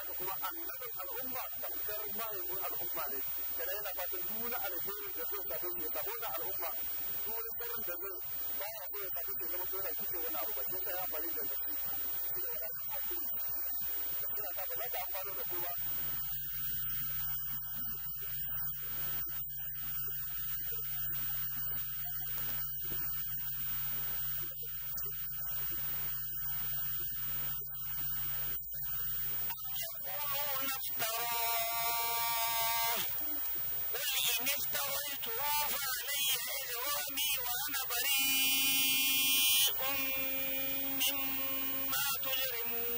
gane kuma annabin al'umma tamkar mahaifin al'umma ne kana yana fatan duk wani alherin da zai shafe shi ya samu wani al'umma duk wani sirrin da zai baya so ya shafe shi zama tsoron kuke wani abu ba sai ya amfani da بريء مما تجرمون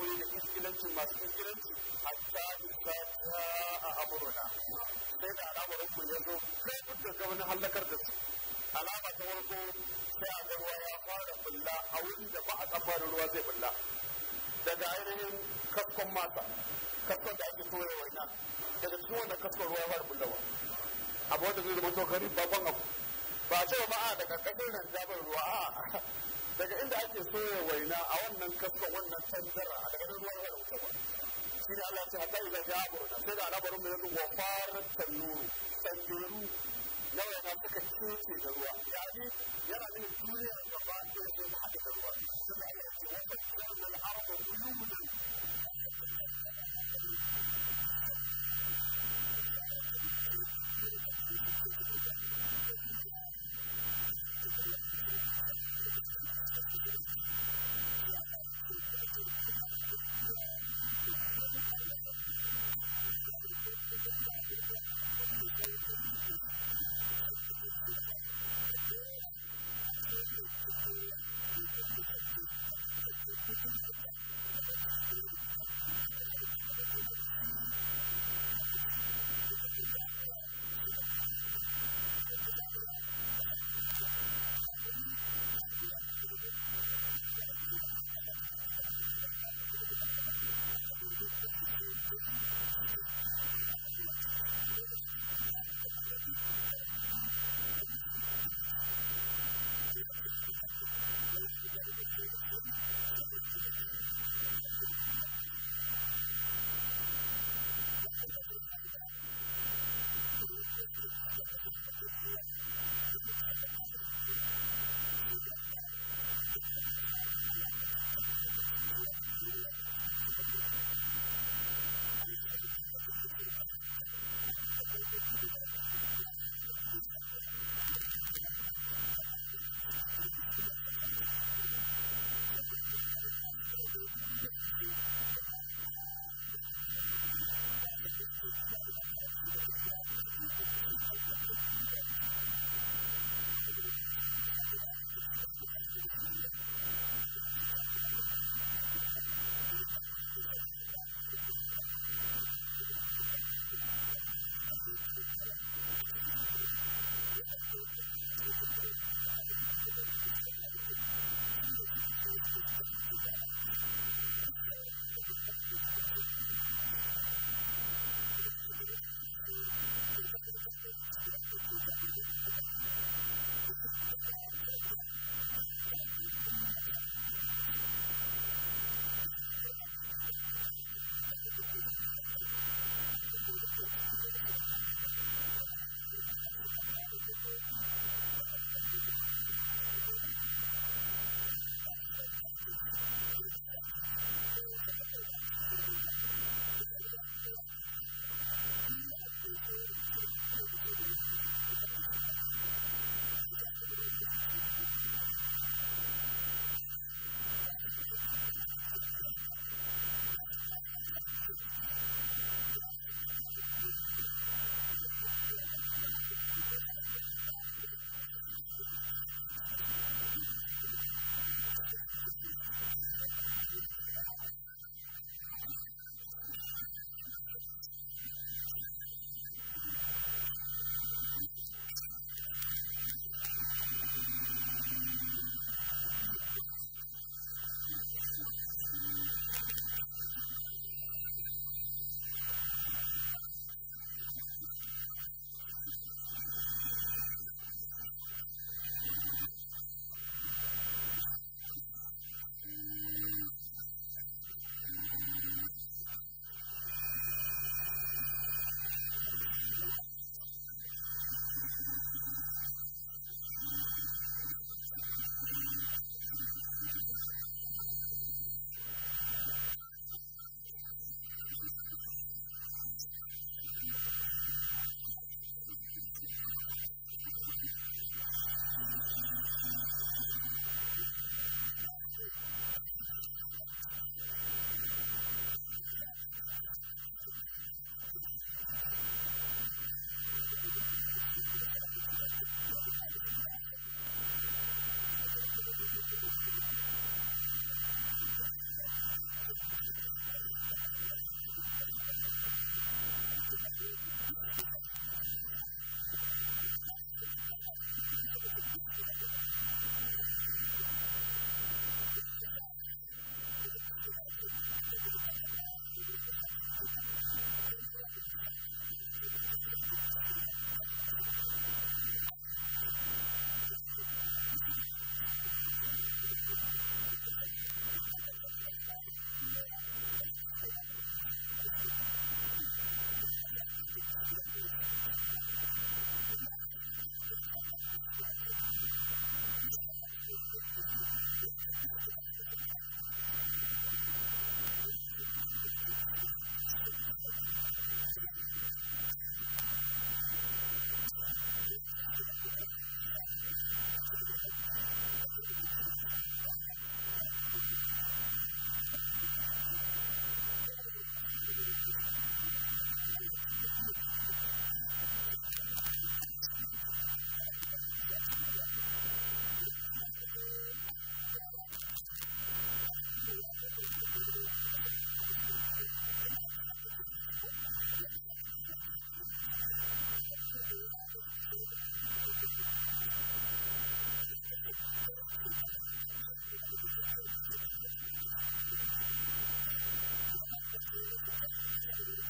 koyi da iskilancin masu iskilanci a isa ta a amuruna sai da al'amarin ku ya zo kai duk da wani hallakar da su alama ta warko sai a ruwa ya fara bulla a wurin da ba a tsammanin ruwa zai bulla daga ainihin kaskon mata kaskon da ake soya waina daga cikin wannan kaskon ruwa ya fara bullawa abu wanda zai zama to ba babban abu ba a ce ba a daga ƙasar nan jabar ruwa a daga inda ake soya waina a wannan kasa wannan tandara a daga ruwan wani wuta shi ne Allah ce hatta idan ya burna sai da alabarin mai yanzu wa farar tannuru tanderu na waina suka cece da ruwa yani yana nuna duniya gaba ɗaya sai na haɗa da ruwa sai da Allah ce wata kiran al'arba wuyunan Thank you.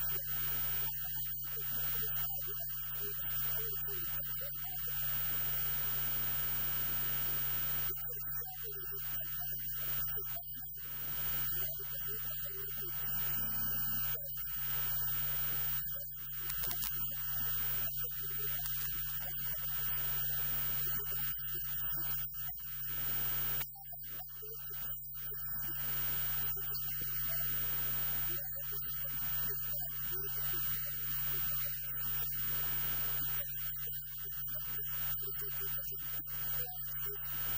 Thank you.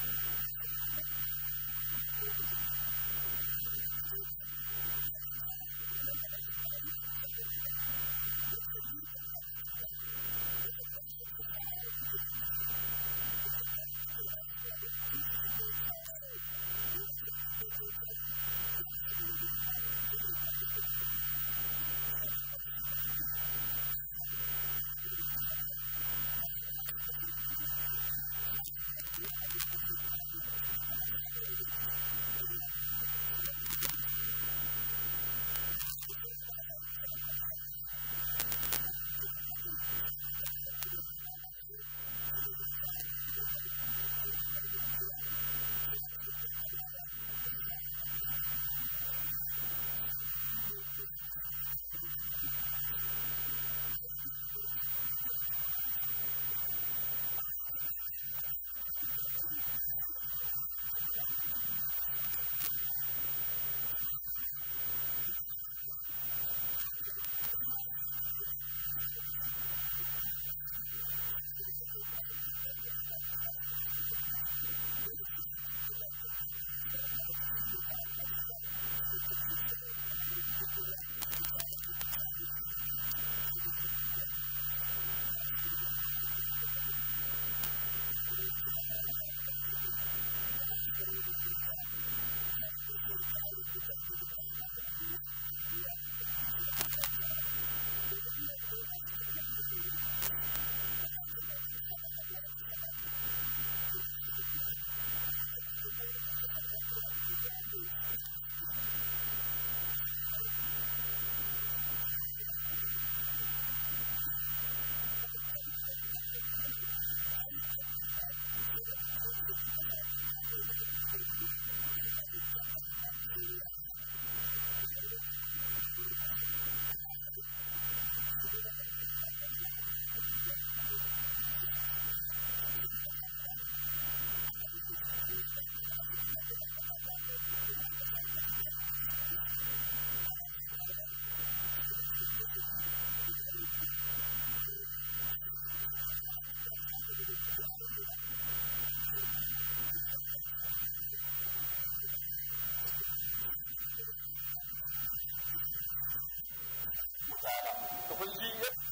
When